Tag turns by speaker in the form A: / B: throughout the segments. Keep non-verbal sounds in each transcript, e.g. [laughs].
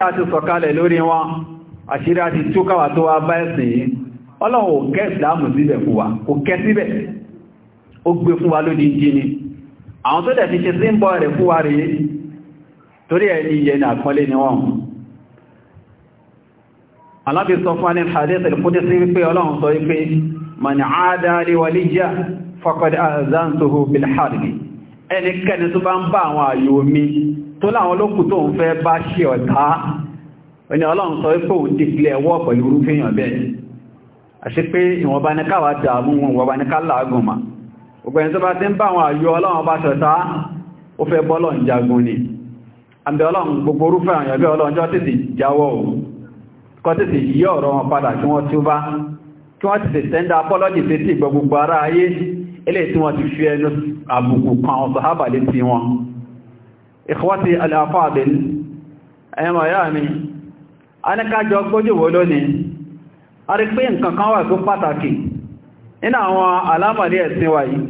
A: láti sọ̀kalẹ̀ lórí wọn àṣírí àti túkàwà tó wá bá ẹ̀sìn yìí ọlọ́run ò kẹ́ ìsìláàmù síbẹ̀ fún wa kò kẹ́ síbẹ̀ ó gbé fún wa lódi jí ni àwọn tó dẹ̀ ti ṣe sí ń bọ́ rẹ̀ fún wa rèé torí ẹni yẹn ní àkọlé ni wọ́n alábi sọ fún ní hadith al-qudsi wípé ọlọ́run sọ wípé man aada li waliya faqad azantuhu bil tó láwọn olókù tó ń fẹ́ bá ṣe ọ̀tá ẹni ọlọ́run sọ wípé òun dìpìlẹ̀ ẹwọ́ pẹ̀lú orúfẹ́yàn bẹ́ẹ̀ àṣí pé ìwọ̀nba ní káwà dààmú wọn wọ̀nba ní ká láàgùn ma tó bá ti ń bá ni àbí ọlọ́run gbogbo orúfẹ́ àyàn bí ọlọ́run jọ tètè jáwọ́ ò kọ́ tètè yí ọ̀rọ̀ wọn padà kí wọ́n tún bá kí wọ́n tètè tẹ́ndà apọ́lọ́jì wọn ìkwàtí aláfàbìl ẹmọ̀ yá mi a ní kájọ gbójúwò lónìí a rí pé nǹkan kan wà tó pàtàkì iná àwọn alámọ̀rí ẹ̀sìn wa yìí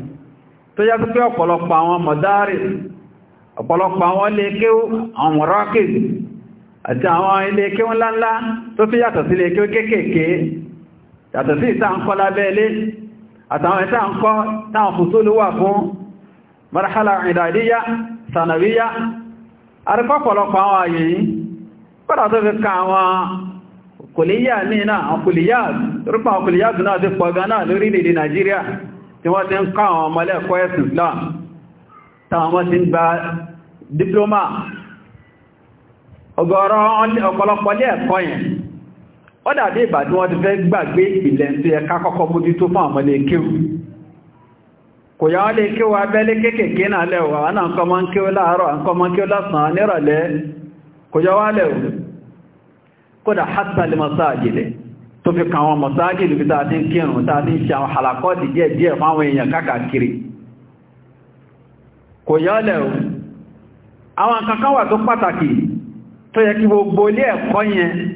A: tó yá pípé ọ̀pọ̀lọpọ̀ àwọn mọ̀dárì ọ̀pọ̀lọpọ̀ àwọn iléekéwú àwọn rọ́kìs àti àwọn iléekéwú ńláńlá tó fi yàtọ̀ sí iléekéwú kéékèèké yàtọ̀ sí ìta ń kọ́ lábẹ́lé àtàwọn ìta ń kọ́ táwọn fùsúlù wà fún marhala ìdàdíyà sanawiya àrípọ̀pọ̀lọpọ̀ àwọn ààyè yìí pẹ́lá tó fi ka àwọn kòlíyà ní náà àwọn kòlíyà rúpa àwọn tó náà ti pọ̀ gan náà lórílẹ̀-èdè tí wọ́n ti ń ká àwọn Islam táwọn wọ́n ti ń gba diploma ẹ̀kọ́ yẹn kò yá lè kí wa abẹ́lé kéèkèé náà lẹ́wà ánà nǹkan mọ́ kí ó láàárọ̀ nǹkan mọ́ kí ó lásán nírọ̀lẹ́ kò yá wá lẹ́wù kódà hátàlì mọ́sáàjìlẹ̀ tó fi kàn wọn mọ́sáàjìlù bí tàbí kírùn tàbí ṣe àwọn halakọ́dì díẹ̀ díẹ̀ fáwọn èèyàn káàkiri kò yá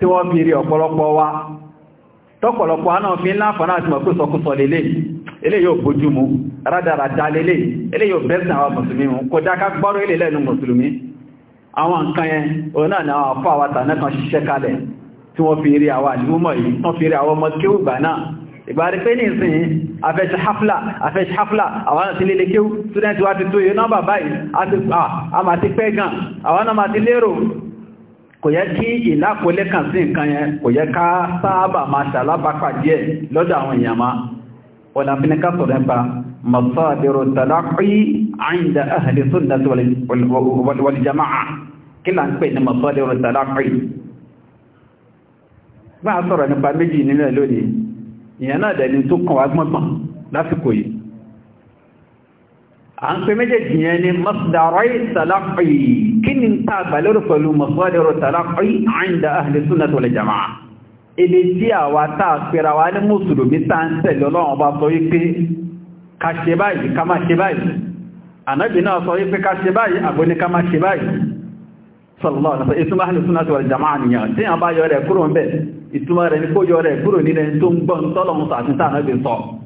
A: tí wọ́n fi rí ọ̀pọ̀lọpọ̀ wa tọ́pọ̀lọpọ̀ náà fi láǹfààní àti mọ̀ pé sọkúsọ lélẹ̀ ilé yóò bójú mu rádaràdá lélẹ̀ ilé yóò bẹ́sìn àwọn mùsùlùmí mu kò dáká gbọ́rọ̀ ilé lẹ́nu mùsùlùmí àwọn nǹkan yẹn òun náà ni àwọn afọ àwàtà náà kan ṣiṣẹ́ kalẹ̀ tí wọ́n fi rí àwọn àdúgbò yìí wọ́n fi rí àwọn ọmọ kéwù gbà náà kò yẹ kí ìlápolé kan sí nǹkan yẹn kò yẹ ká sáábà máa ṣàlábàpàdé ẹ̀ lọ́dọ̀ àwọn èèyàn máa ọ̀nà fínníká sọ̀rọ̀ nípa masadiru talaqi inda ahli sunnati jama'a kí là ń talaqi bá a sọ̀rọ̀ nípa méjì nílẹ̀ lónìí ìyẹn náà dẹ̀ ni à ń pè méjèèjì yẹn ní masdarai talaqi kí ni ta àgbàlérò pẹ̀lú masdarai talaqi inda ahli sunnah wal jamaa èdè tí àwa tá a pèrà wa ní mùsùlùmí tá ń tẹ̀lé ọlọ́run ọba sọ wípé ká ṣe báyìí ká má ṣe báyìí ànábì náà sọ wípé ká ṣe báyìí àbò ní ká má ṣe báyìí sallallahu alaihi ìtumọ̀ ahli sunnah tó ń gbọ́n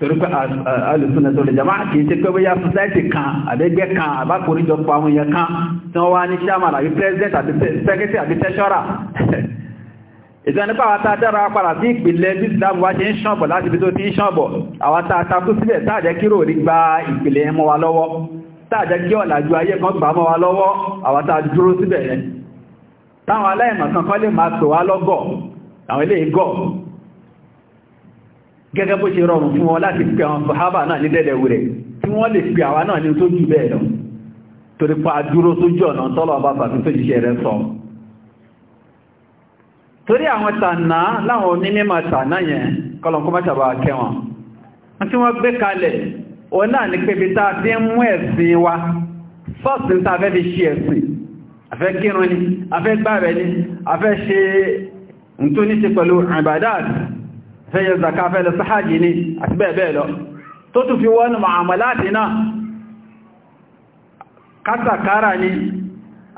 A: torí pé alùsùnà tó lè jama kìí ṣe pé bóyá sọsáìtì kan àbẹ́gbẹ́ kan àbákòríjọpọ̀ àwọn èèyàn kan tí wọ́n wá ní chairman àbí president àbí secretary àbí treasurer [laughs] ìtẹ́nipa àwọn tá a dára padà sí ìpìlẹ̀ bí ìsìláàmù wá ṣe ń ṣànbọ̀ láti ibi tó ti ń ṣànbọ̀ àwọn tá a takú síbẹ̀ táàjẹ́ kí ròrí gba ìpìlẹ̀ mọ́ wa lọ́wọ́ táàjẹ́ kí ọ̀làjú ayé kan gbà mọ́ wa lọ́wọ́ àwọn tá a dúró síbẹ̀ yẹn táwọn aláìmọ̀ kan kọ́ lè máa pè wá lọ́gọ̀ àwọn ilé ìgọ̀ gẹ́gẹ́ bó ṣe rọrùn fún wọn láti pe àwọn sọ̀hábà náà ní dẹ́dẹ̀ wúrẹ̀ tí wọ́n lè pe àwọn náà ní tó jù bẹ́ẹ̀ lọ torí pa dúró sójú ọ̀nà tọ́lọ̀ ọba fàfin tó jíṣẹ́ rẹ̀ sọ torí àwọn tànà láwọn onímọ̀ tànà yẹn kọlọ̀kọ́mọ́sàbà kẹwọn tí wọ́n gbé kalẹ̀ òun náà ní pébi tá a fi ń mú ẹ̀sìn wa sọ́ọ̀sì ń ta fi ṣe ẹ̀sìn afẹ́ kírun ni afẹ́ gbààwẹ̀ ni afẹ́ ṣe ń tó ní ṣe pẹ̀lú ìbàdáàdì fẹ́yẹ zaka fẹ́lẹ̀ sáhájì ní àti bẹ́ẹ̀ bẹ́ẹ̀ lọ tó tún fi wọ́n mọ̀àmàláàtì náà kátàkárà ní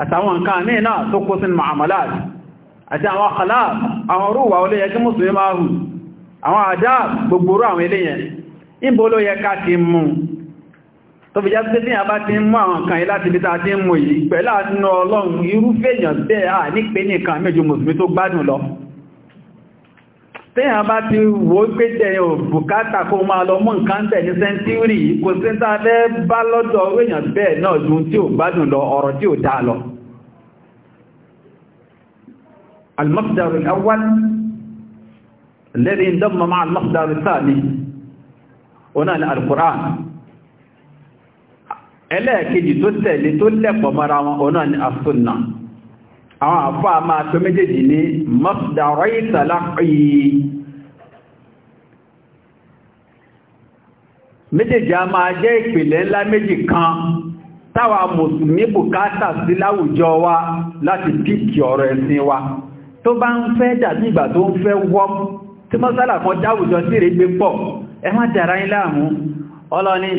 A: àtàwọn nǹkan ní náà tó kó sín mọ̀àmàláàtì àti àwọn khalaf àwọn rúwà olóyẹ kí mùsùlùmí máa hù àwọn àdá gbogboro àwọn eléyẹn níbo ló yẹ ká ti mú tó fi téèyàn bá ti wò pé tẹ̀yìn bùkátà kó máa lọ mú nǹkan tẹ̀ ní sẹ́ńtírì kò sí tá a bá lọ́dọ̀ èèyàn bẹ́ẹ̀ náà ju tí ò gbádùn lọ ọ̀rọ̀ tí ò dá lọ. المقدر الأول الذي انضم مع المقدر الثاني هنا القرآن ẹlẹ́ẹ̀kejì tó tẹ̀lé tó lẹ́pọ̀ mara wọn ni àwọn àfá máa tó méjèèjì ní masdarai ìtàlápì méjèèjì a máa jẹ́ ìpìlẹ̀ ńlá méjì kan táwa mùsùlùmí bùkátà sí láwùjọ wa láti píkì ọ̀rọ̀ ẹ̀sìn wa tó bá ń fẹ́ dàbí ìgbà tó ń fẹ́ wọ́ tí mọ́sálà kan dáwùjọ sí rẹ̀ gbé pọ̀ ẹ má dára yín láàmú ọlọ́ni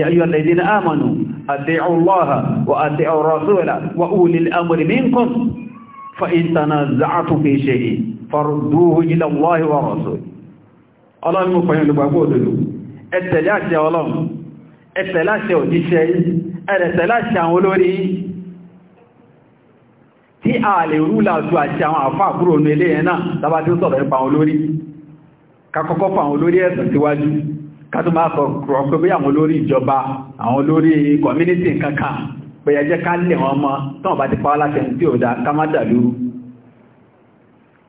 A: yàyọ̀lẹ̀dínà àmọ̀nù أطيعوا الله وأطيعوا الرسول وأولي الأمر منكم فإن تنازعتم في شيء فردوه إلى الله ورسوله الله المفهم لبقوده التلاشى والله التلاشى والشيء التلاشى والوري tí a lè rúlà tó àti àwọn àfá àkúrò ní ilé ẹ̀ náà tàbátí ó sọ̀rọ̀ nípa àwọn olórí kakọ́kọ́ fà àwọn olórí kátó máa sọ kọ̀ọ̀kọ́ bí àwọn olórí ìjọba àwọn olórí community kankan pé ẹjẹ́ ká lè wọn mọ́ tán bá ti pa láti ẹni tí ó dá ká má dàlúrú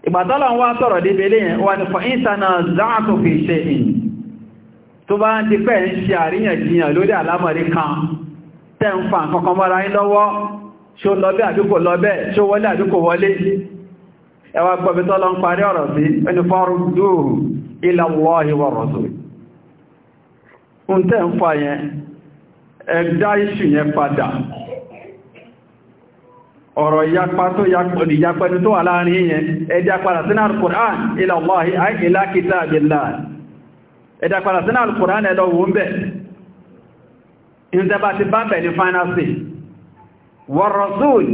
A: ìgbàtọ́lọ̀ wá sọ̀rọ̀ débélé wà ní fún ìsànà záàtò fi ṣe ìn tó bá ń ti fẹ́ ń ṣe àríyànjiyàn lórí àlámọ̀rí kan tẹ́ ń fa nǹkan mọ́ra ń lọ́wọ́ ila Allahi wa rasul ń tẹ́ ń fa yẹn ẹ̀dá ìṣù yẹn padà ọ̀rọ̀ ìyapa tó ìyapa ẹni tó wà láàrin yẹn ẹ̀dá padà sínú al-Qur'an ila Allahi ila kitabillah ẹ̀dá padà sínú al-Qur'an ẹ̀lọ wọ́n bẹ̀ ìjọba ti bá bẹ̀ ní final say wa rasul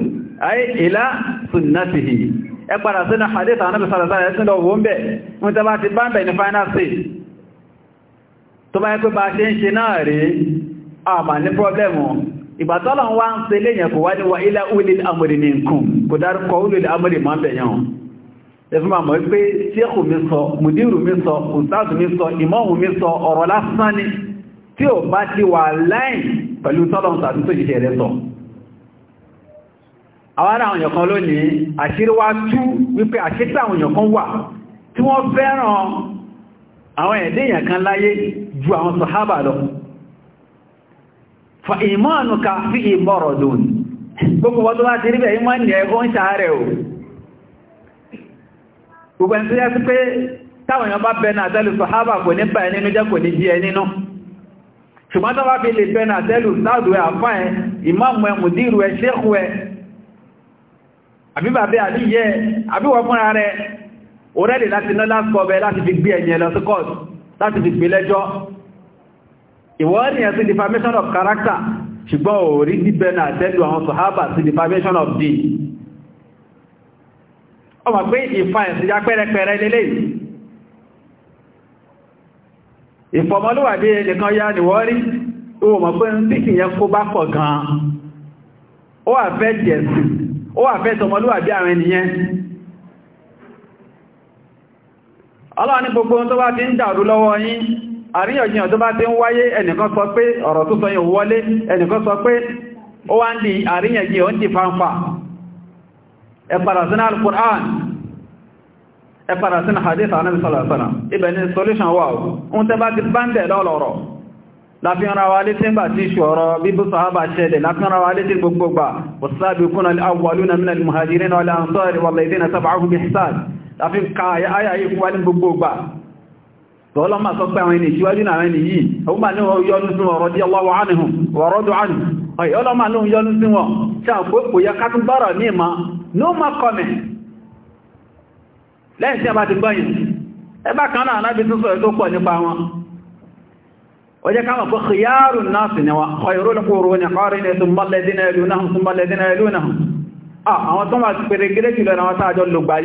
A: ila sunnatihi ẹ padà sínú hadith anábìsára ẹ̀sìn lọ wọ́n bẹ̀ ìjọba ti bá bẹ̀ ní final say tó bá yẹ pé bá ṣe ń ṣe náà rí àmà ní pọ́blẹ̀mù ìgbàtọ́lọ̀ wá ń ṣe léyìn kò wá ní wa ilá ulil amri minkum kò dárúkọ ulil amri máa bẹ̀yàn ẹfún àmọ́ pé ṣéèkù mi sọ mùdírù mi sọ ustaz mi sọ ìmáàmù mi sọ ọ̀rọ̀ àwọn èèyàn kan lónìí àṣírí wá tú wípé àṣírí àwọn èèyàn kan wà tí wọ́n fẹ́ràn àwọn ẹ̀dẹ́yàn kan láyé ju àwọn sàhábà lọ fa ìmọ́nù ka fi ìmọ́rọ̀ lónìí gbogbo wọ́n tó bá ti rí bẹ̀ ìmọ́ ní ẹgbọ́n ṣàárẹ̀ o gbogbo ẹni tó yẹ sí pé táwọn èèyàn bá bẹ̀rẹ̀ àtẹ́lù sàhábà kò ní bàẹ̀ nínú jẹ́ kò ní jí ẹ nínú ṣùgbọ́n tó bá fi lè bẹ̀rẹ̀ àtẹ́lù sáàdù ẹ àfá ẹ ìmáàmù ẹ mùdírù ẹ ṣéhù ẹ àbí bàbá àdíyẹ àbí wọ́n fúnra rẹ̀ òrẹ́lì láti ná láti kọ́ bẹ láti fi gbé ẹ̀yẹn lọ sí kọ́ọ̀tù láti fi gbé lẹ́jọ́ ìwọ́n yẹn sí defamation of character ṣùgbọ́n ò rí díbẹ̀ náà tẹ́lú àwọn sọ̀hábà sí defamation of deed ọmọ pé ìfà ìsìyà pẹ́rẹpẹrẹ lélẹ̀ ìfọmọlúwàbí ẹnìkan yá ni wọ́n rí ìwò mọ̀ pé ń tíkì yẹn kó bá pọ̀ gan ó wà fẹ́ jẹ̀sì ó wà fẹ́ tọmọlúwàbí àwọn ènìyàn ọlọ́ni gbogbo tó bá ti ń dàrú lọ́wọ́ yín àríyànjiyàn tó bá ti ń wáyé ẹnìkan sọ pé ọ̀rọ̀ tó sọ yìí wọlé ẹnìkan sọ pé ó wá ń di àríyànjiyàn ó ń di fanfa ẹ padà sínú al-Qur'an ẹ padà sínú hadith Ànábì sallallahu alaihi wasallam ibẹ̀ ni solution wà ń tẹ́ bá ti báńdẹ̀ lọ́lọ́rọ̀ láfihànra wa létí ń bà tí ṣọ̀rọ̀ bíbú sàábà ṣẹlẹ̀ láfihànra wa létí tọ́lọ́ máa sọ pé àwọn ẹni ìṣíwájú náà ẹni yìí ọgbà ní yọ́nú sí wọn radiyallahu anhum wa radu anhu ọ̀yẹ́ ọlọ́mà ní yọ́nú sí wọn tí àwọn pé kò yẹ kátún bọ́rọ̀ ní ìmọ̀ no more comment lẹ́yìn tí a bá ti gbọ́yìn ẹbá kan náà náà bí tún sọ̀rọ̀ tó pọ̀ nípa wọn ó jẹ́ káwọn pé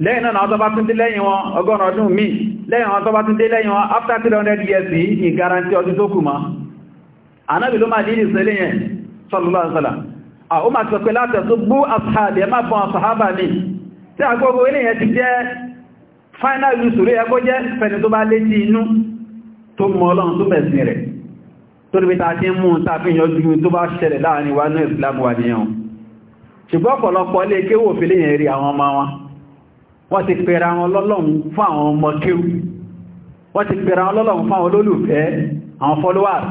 A: lẹ́yìn náà tọba tún dé lẹ́yìn wọn ọgọ́rùn ọdún mi lẹ́yìn wọn tọba tún dé lẹ́yìn wọn after 300 years ní garanti ọdún tó kù ma anábì ló máa dìdì sí lẹ́yìn sallallahu alaihi wasallam ó máa sọ pé látẹ̀só bú àṣàbì ẹ final lùsùrí ẹkó jẹ́ fẹni tó bá létí inú tó mọ ọlọ́run tó bẹ̀sìn rẹ̀ tó níbi ta ti ń mú tàfihàn ju tó bá ṣẹlẹ̀ wọ́n ti pèrà wọn lọ́lọ́run fún àwọn ọmọ kéwú wọ́n ti pèrà wọn lọ́lọ́run fún àwọn olólùfẹ́ àwọn followers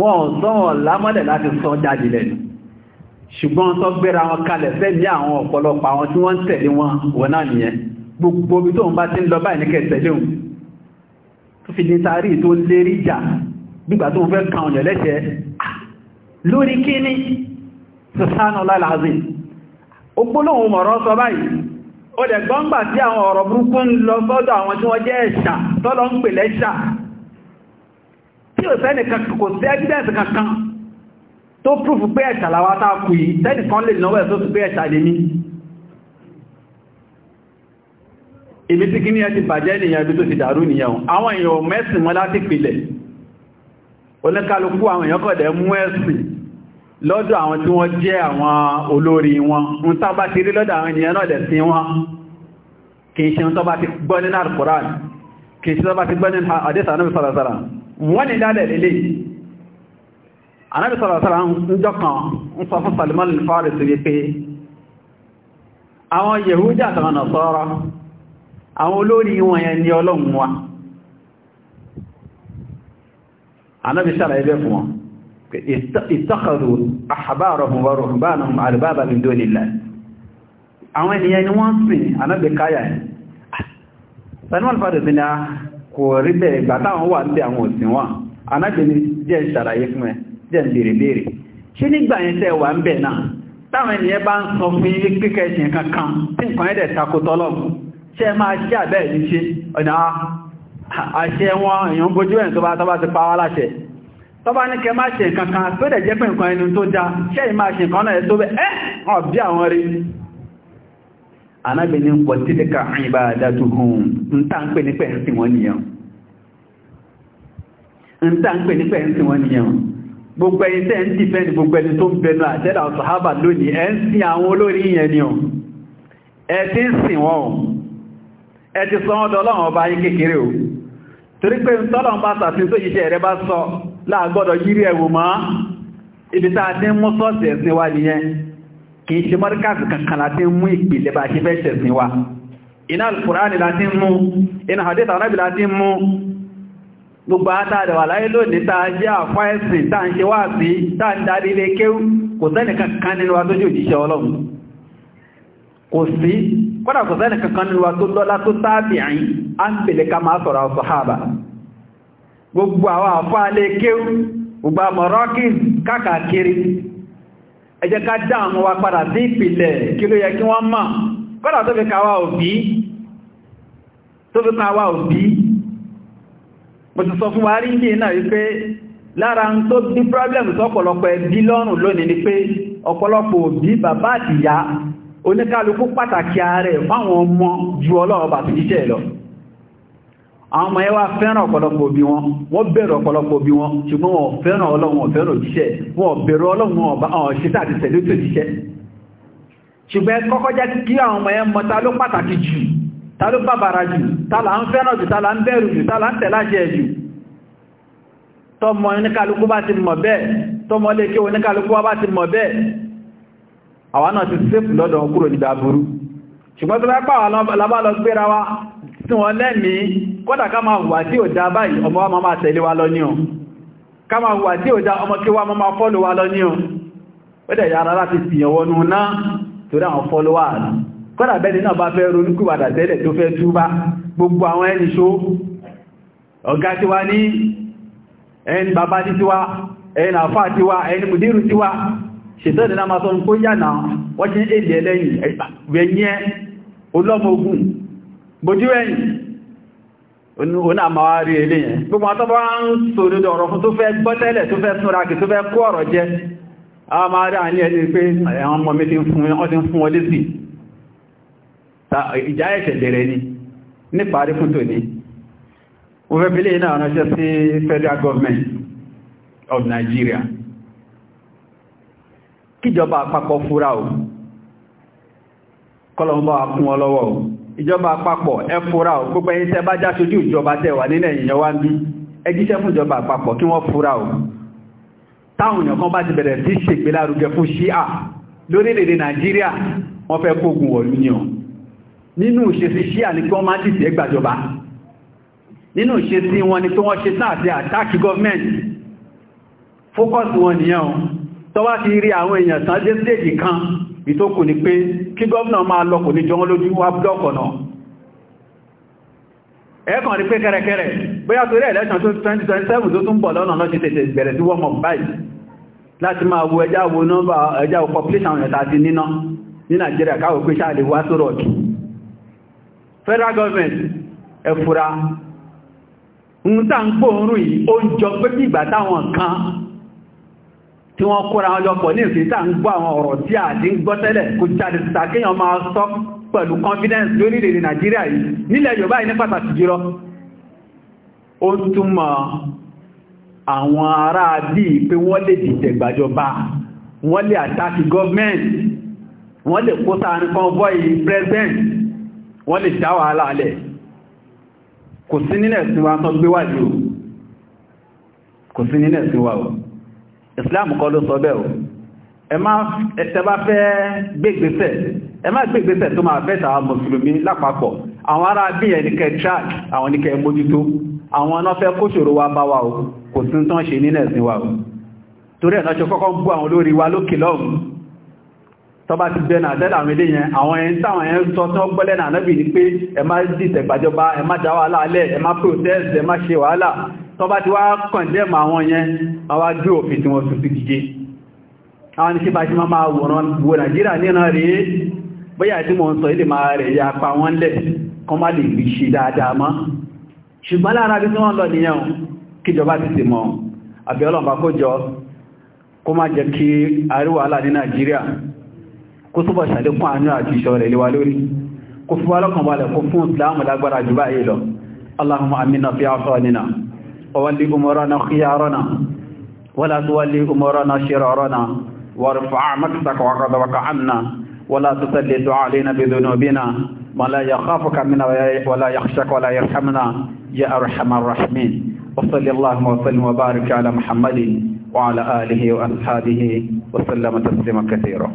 A: wọ́n sọ́wọ́n lámọ́lẹ̀ láti sọ jáde lẹ́nu ṣùgbọ́n tó gbéra wọn kalẹ̀ fẹ́ ní àwọn ọ̀pọ̀lọpọ̀ àwọn tí wọ́n ń tẹ̀lé wọn wọ̀ náà nìyẹn gbogbo ibi tó ń bá ti ń lọ báyìí ní kẹsẹ̀ léhùn tó fi ní taari tó lérí jà gbígbà tó ń fẹ́ kan ọ̀yàn lẹ́sẹ̀ lórí kíní sọ̀sánà láìláàzín ogbólóhùn mọ̀rọ̀ ó dẹ̀ gbọ́ngbà tí àwọn ọ̀rọ̀ burúkú ń lọ sọ́dọ̀ àwọn tí wọ́n jẹ́ ẹ̀ṣà tọ́lọ ń pè lẹ́ṣà tí ò sẹ́ni kò sí ẹ́gbẹ́ẹ̀sì kankan tó prúfù pé ẹ̀ṣà láwá tá kù yìí sẹ́ni kan lè náwẹ́ tó pé ẹ̀ṣà lè ní ibi tí kíní ẹ ti lọ́dọ̀ àwọn tí wọ́n jẹ́ àwọn olórí wọn ń tábá ti rí lọ́dọ̀ àwọn ènìyàn náà lẹ̀sìn wọn kìí ṣe tó bá ti gbọ́ nínú al kìí ṣe tó bá ti gbọ́ nínú àdẹ́sà anábì sọ̀rọ̀sọ̀rọ̀ wọ́n ni lálẹ̀ lélẹ̀ anábì sọ̀rọ̀sọ̀rọ̀ ń jọkàn ń sọ fún Salman al-Farisi wípé àwọn Yehudi àtàwọn Nasara àwọn olórí wọn yẹn ni ìtọ́kọ̀rù àhàbárọ̀hùn wọ́rọ̀hùnbánàhùn min dunillah a kò rí bẹ̀rẹ̀ ìgbà táwọn wà ní àwọn òsìn wọn anábẹ̀ni jẹ́ ìṣàlàyé fún ẹ jẹ́ ìbèrè bèèrè ṣé nígbà yẹn tẹ́ wà ń bẹ̀ náà táwọn ènìyàn bá ń sọ fún yí kíkẹ́ ìṣìn kankan tí nǹkan ẹ̀dẹ̀ takotọ́lọ́gùn ṣe máa ṣe àbẹ́ ìṣe ọ̀nà pa tọ́bá ní kẹ máa ṣe kankan tó dẹ̀ jẹ́ pé nǹkan ẹnu tó dá ṣẹ́yìn máa ṣe nǹkan náà tó bẹ́ ẹ́ ọ̀bí àwọn rí anábì ní pọ̀ títíkà àyíbá dájú hùn ǹtà ń pè ní pẹ̀ ń sìn wọ́n nìyàn gbogbo ẹ̀yin tẹ́ ń tì fẹ́ ni gbogbo ẹni tó ń bẹnu àtẹ́dà ọ̀sọ̀hábà lónìí ẹ̀ ń sin àwọn olórí yẹn ni ọ̀ ẹ ti ń sìn wọ́n ọ̀ ẹ ti sọ wọ́n dọ́lọ́wọ́n ọba yín kékeré o torí pé ń tọ́lọ́wọ́n bá sàfin tó yíṣẹ́ rẹ bá sọ láàgbọ́dọ̀ yírí ẹ̀wò mọ́ ibi tàà tí ń mú sọ́ọ̀sì ẹ̀sìn wa nìyẹn kìí ṣe mọ́ríkàsì kankan láti mú ìpìlẹ̀ bá ṣe fẹ́ ṣẹ̀sìn wa iná alkùránì láti mú iná àdẹ́ta ọ̀nàbì láti mú gbogbo àtàdàwà láyé lónìí tàà jẹ́ àfá ẹ̀sìn tàà ń ṣe wá sí tàà ń darí ilé kéwú kò sẹ́nì kankan nínú wa tó jẹ́ òjíṣẹ́ ọlọ́run kò sí kọ́dà kò sẹ́nì kankan nínú wa tó lọ́lá tó tábì àyín á ń pèlè ká máa sọ̀rọ̀ àwọn sọ̀háàbà gbogbo àwọn afọ kéwú gbogbo àmọ̀rọ́kì kákàkiri ẹ jẹ́ ká dá àwọn wa padà sí ìpìlẹ̀ kí ló yẹ kí wọ́n mọ̀ kọ́dà tó fi káwà òbí tó fi káwà òbí mo ti sọ fún wa rí ní wípé lára ń tó bí problem sọ́pọ̀lọpọ̀ ẹbí lọ́rùn lónìí ni pé ọ̀pọ̀lọpọ̀ òbí bàbá lọ àwọn ọmọ ẹwà fẹ́ràn ọ̀pọ̀lọpọ̀ bí wọn wọ́n bẹ̀rẹ̀ ọ̀pọ̀lọpọ̀ bí wọn ṣùgbọ́n wọ́n fẹ́ràn ọlọ́run ọ̀fẹ́ràn òjíṣẹ́ wọ́n bẹ̀rẹ̀ ọlọ́run ọba ọ̀ṣẹ́ta àti tẹ̀lé tó jíṣẹ́ ṣùgbọ́n kọ́kọ́ jẹ́ kí àwọn ọmọ ẹ mọ̀ ta ló pàtàkì jù ta ló bàbàrà jù ta là ń fẹ́ràn jù ta là ń bẹ̀rù jù ta là ń tẹ̀láṣẹ jù tọmọ oníkàlùkù bá ti wa tí wọ́n kódà ká máa wà tí ò dá báyìí ọmọ wa máa tẹ̀lé wa lọ ní ọ ká máa wà tí ò dá ọmọ kí wa máa fọ́lù wa lọ ní ọ ó yára láti náà àwọn fọ́lù wa bẹ́ni náà bá fẹ́ ronúkúwàdà tẹ́lẹ̀ tó fẹ́ túbá gbogbo àwọn ẹni ṣó ọ̀gá wá ní ẹni bàbá wá ẹni wá ẹni mùdírù wá máa kó yànà wọ́n èdè ẹlẹ́yìn bójú oná ma wá rí ilé yẹn gbogbo àtọ́bọ́ ń sọ lórí ọ̀rọ̀ fún tó fẹ́ gbọ́tẹ́lẹ̀ tó fẹ́ súnra kì tó fẹ́ kó ọ̀rọ̀ jẹ́ a máa rí àní ẹni pé àwọn ọmọ mi ti ń fún ọdí sí ìjà ẹ̀ṣẹ̀ lẹ̀rẹ̀ ni níparí fún tòní òfẹ́bílẹ̀ náà ránṣẹ́ sí federal government of Nigeria kíjọba àpapọ̀ fúra ò kọ́lọ̀ ìjọba àpapọ̀ ẹfúra ò gbogbo ẹ̀yin tẹ́ bá jáṣojú ìjọba tẹ́ wà nílẹ̀ èèyàn wá ń bí ẹjíṣẹ́ fún ìjọba àpapọ̀ kí wọ́n fúra ò táwọn èèyàn kan bá ti bẹ̀rẹ̀ sí ṣègbélárugẹ fún ṣíà lórílẹ̀-èdè nàìjíríà wọ́n fẹ́ kógun wọ̀lú ni ọ̀ nínú ìṣesí ṣíà ní kí wọ́n má ni kí wọ́n ṣe sáà sí àtàkì gọ́ọ̀mẹ́ntì fókọ́sì wọn nìyẹn tọ́wá ti rí àwọn èèyàn ìtókù ni pé kí gọ́ọ̀nà máa lọ kò ní jọun lójú wá blọ́ọ̀kọ̀ náà ẹ̀ẹ́kàn rí pé kẹ́rẹkẹ́rẹ bóyá torí election 2027 tó tún bọ̀ lọ́nà lọ́ṣẹ́ tètè bẹ̀rẹ̀ sí warm up báyìí láti máa wo ẹjá wo nọ́mbà ẹjá wo population ẹ̀ta ti federal government ẹ̀fura ń tà ń gbóòrùn yìí ó ń jọ tí wọ́n kóra wọn lọ́pọ̀ ní ìfìta ń gbọ́ àwọn ọ̀rọ̀ tí a ti ń gbọ́ tẹ́lẹ̀ kò jáde síta kéèyàn máa sọ pẹ̀lú confidence lórílẹ̀-èdè Nàìjíríà yìí nílẹ̀ Yorùbá yìí ní pàtàkì jùlọ ó túnmọ̀ àwọn ará bí pé wọ́n lè dìtẹ̀ gbàjọba wọ́n lè àtàkì gọ́ọ̀mẹ́ntì wọ́n lè kó sáàrin convoy president wọ́n lè dá wàhálà alẹ̀ kò sí nílẹ̀ sí wa tán gbé wà jù kò sí nílẹ̀ sí wa islam kọ́ ló sọ bẹ́ẹ̀ o ẹ má ẹ̀tẹ́bá fẹ́ gbégbésẹ̀ ẹ má gbégbésẹ̀ tó máa fẹ́ tàwa mùsùlùmí lápapọ̀ àwọn ará bí ẹni kẹ track àwọn ní kẹ mójútó àwọn ọ̀nà fẹ́ kóṣòro wa bá wa o kò sí tán ṣe nílẹ̀ sí wa o torí ẹ̀nà ṣe kọ́kọ́ ń bú àwọn olórí wa lókè lọ́hùn tọba ti bẹ́ náà tẹ́lá àwọn eléyẹn àwọn ẹ̀yìn táwọn ẹ̀yìn sọ tí wọ́n gbọ́lẹ̀ náà lẹ́bìí ni pé ẹ má dìtẹ̀ gbàjọba ẹ má já wàhálà alẹ́ ẹ má protest ẹ má ṣe wàhálà tọba ti wá kọ̀ndẹ́mù àwọn yẹn àwọn ajú òfin tí wọ́n tuntun gígé àwọn iṣẹ́ bá ṣe máa máa wòrán wo nàìjíríà níran rèé bóyá tí mo ń sọ ilé máa rẹ̀ ya pa wọ́n lẹ̀ kọ́ má lè rí ṣe dáadáa mọ́ ṣùgbọ́n lára bí wọ́n lọ nìyẹn kíjọba ti sì mọ́ àbí ọlọ́mọba kó jọ kó má jẹ́ kí àríwá wàhálà ní nàìjíríà kó túbọ̀ ṣàlékún àánú àti ìṣọ́ rẹ̀ léwa lórí kó fún ọlọ́kàn balẹ̀ kó fún ìsìláàmù lágbára jù báyìí lọ اللهم أمنا في أعصاننا وولي أمورنا خيارنا ولا تولي أمورنا شرارنا وارفع مكسك وغضبك عنا ولا تسلط علينا بذنوبنا ولا يخافك منا ولا يخشك ولا يرحمنا يا أرحم الراحمين وصلى اللهم وسلم وبارك على محمد وعلى آله وأصحابه وسلم تسليما كثيرا